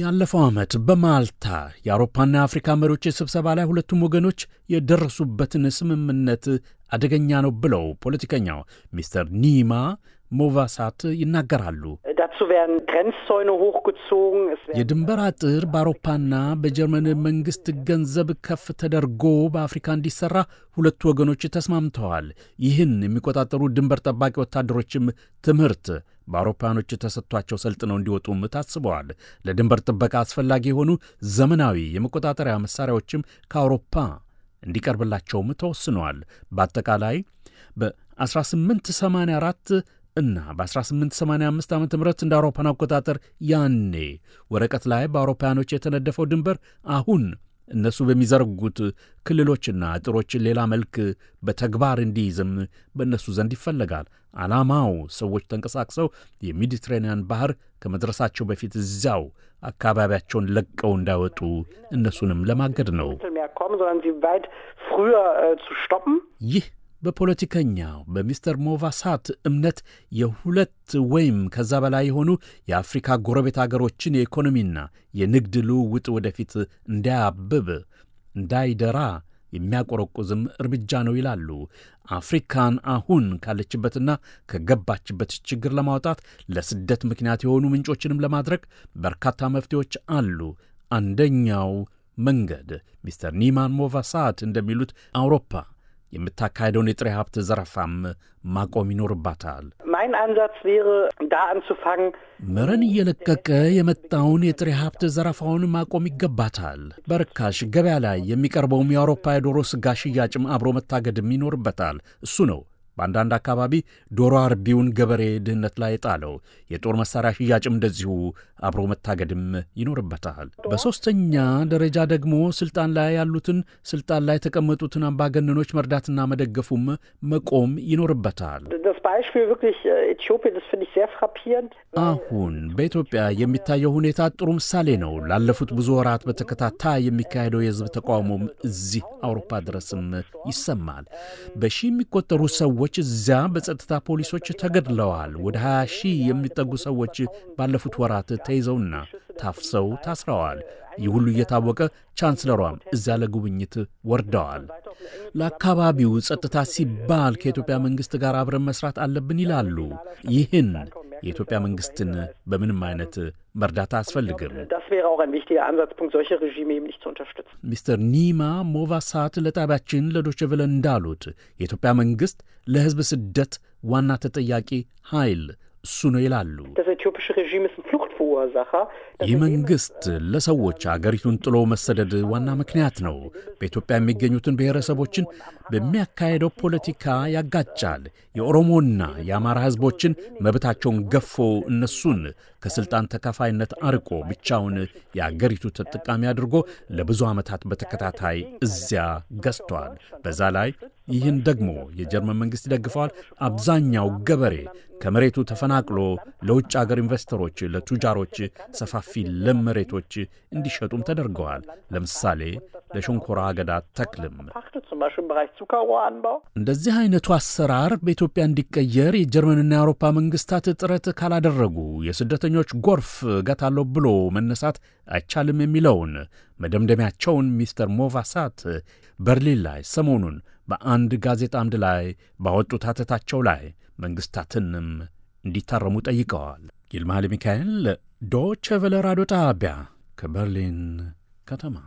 ያለፈው ዓመት በማልታ የአውሮፓና የአፍሪካ መሪዎች ስብሰባ ላይ ሁለቱም ወገኖች የደረሱበትን ስምምነት አደገኛ ነው ብለው ፖለቲከኛው ሚስተር ኒማ ሞቫሳት ይናገራሉ። የድንበር አጥር በአውሮፓና በጀርመን መንግስት ገንዘብ ከፍ ተደርጎ በአፍሪካ እንዲሰራ ሁለቱ ወገኖች ተስማምተዋል። ይህን የሚቆጣጠሩ ድንበር ጠባቂ ወታደሮችም ትምህርት በአውሮፕላኖች ተሰጥቷቸው ሰልጥነው እንዲወጡም ታስበዋል። ለድንበር ጥበቃ አስፈላጊ የሆኑ ዘመናዊ የመቆጣጠሪያ መሳሪያዎችም ከአውሮፓ እንዲቀርብላቸውም ተወስነዋል። በአጠቃላይ በ1884 እና በ1885 ዓ ም እንደ አውሮፓን አቆጣጠር ያኔ ወረቀት ላይ በአውሮፓውያኖች የተነደፈው ድንበር አሁን እነሱ በሚዘረጉት ክልሎችና አጥሮች ሌላ መልክ በተግባር እንዲይዝም በእነሱ ዘንድ ይፈለጋል። ዓላማው ሰዎች ተንቀሳቅሰው የሜዲትሬንያን ባህር ከመድረሳቸው በፊት እዚያው አካባቢያቸውን ለቀው እንዳይወጡ እነሱንም ለማገድ ነው። äh, ይህ በፖለቲከኛው በሚስተር ሞቫሳት እምነት የሁለት ወይም ከዛ በላይ የሆኑ የአፍሪካ ጎረቤት አገሮችን የኢኮኖሚና የንግድ ልውውጥ ወደፊት እንዳያብብ እንዳይደራ የሚያቆረቁዝም እርምጃ ነው ይላሉ። አፍሪካን አሁን ካለችበትና ከገባችበት ችግር ለማውጣት ለስደት ምክንያት የሆኑ ምንጮችንም ለማድረግ በርካታ መፍትሄዎች አሉ። አንደኛው መንገድ ሚስተር ኒማን ሞቫሳት እንደሚሉት አውሮፓ የምታካሄደውን የጥሬ ሀብት ዘረፋም ማቆም ይኖርባታል። ማይን ዳ መረን እየለቀቀ የመጣውን የጥሬ ሀብት ዘረፋውን ማቆም ይገባታል። በርካሽ ገበያ ላይ የሚቀርበውም የአውሮፓ የዶሮ ስጋ ሽያጭም አብሮ መታገድም ይኖርበታል። እሱ ነው በአንዳንድ አካባቢ ዶሮ አርቢውን ገበሬ ድህነት ላይ ጣለው። የጦር መሳሪያ ሽያጭም እንደዚሁ አብሮ መታገድም ይኖርበታል። በሦስተኛ ደረጃ ደግሞ ስልጣን ላይ ያሉትን ስልጣን ላይ የተቀመጡትን አምባገነኖች መርዳትና መደገፉም መቆም ይኖርበታል። አሁን በኢትዮጵያ የሚታየው ሁኔታ ጥሩ ምሳሌ ነው። ላለፉት ብዙ ወራት በተከታታይ የሚካሄደው የህዝብ ተቃውሞም እዚህ አውሮፓ ድረስም ይሰማል። በሺ የሚቆጠሩ ሰዎች ሰዎች እዚያ በጸጥታ ፖሊሶች ተገድለዋል። ወደ 20 ሺህ የሚጠጉ ሰዎች ባለፉት ወራት ተይዘውና ታፍሰው ታስረዋል። ይህ ሁሉ እየታወቀ ቻንስለሯም እዚያ ለጉብኝት ወርደዋል። ለአካባቢው ጸጥታ ሲባል ከኢትዮጵያ መንግሥት ጋር አብረን መስራት አለብን ይላሉ። ይህን የኢትዮጵያ መንግስትን በምንም አይነት መርዳት አያስፈልግም። ሚስተር ኒማ ሞቫሳት ለጣቢያችን ለዶችቨለ እንዳሉት የኢትዮጵያ መንግስት ለህዝብ ስደት ዋና ተጠያቂ ኃይል እሱ ነው ይላሉ። ይህ መንግሥት ለሰዎች አገሪቱን ጥሎ መሰደድ ዋና ምክንያት ነው። በኢትዮጵያ የሚገኙትን ብሔረሰቦችን በሚያካሄደው ፖለቲካ ያጋጫል። የኦሮሞና የአማራ ሕዝቦችን መብታቸውን ገፎ እነሱን ከሥልጣን ተካፋይነት አርቆ ብቻውን የአገሪቱ ተጠቃሚ አድርጎ ለብዙ ዓመታት በተከታታይ እዚያ ገዝቷል። በዛ ላይ ይህን ደግሞ የጀርመን መንግሥት ይደግፈዋል። አብዛኛው ገበሬ ከመሬቱ ተፈናቅሎ ለውጭ አገር ኢንቨስተሮች፣ ለቱጃሮች ሰፋፊ ለም መሬቶች እንዲሸጡም ተደርገዋል። ለምሳሌ ለሸንኮራ አገዳ ተክልም። እንደዚህ አይነቱ አሰራር በኢትዮጵያ እንዲቀየር የጀርመንና የአውሮፓ መንግስታት ጥረት ካላደረጉ የስደተኞች ጎርፍ እገታለሁ ብሎ መነሳት አይቻልም የሚለውን መደምደሚያቸውን ሚስተር ሞቫሳት በርሊን ላይ ሰሞኑን በአንድ ጋዜጣ አምድ ላይ ባወጡት አተታቸው ላይ መንግሥታትንም እንዲታረሙ ጠይቀዋል። ይልማ ሚካኤል ዶቼ ራዲዮ ጣቢያ ከበርሊን ከተማ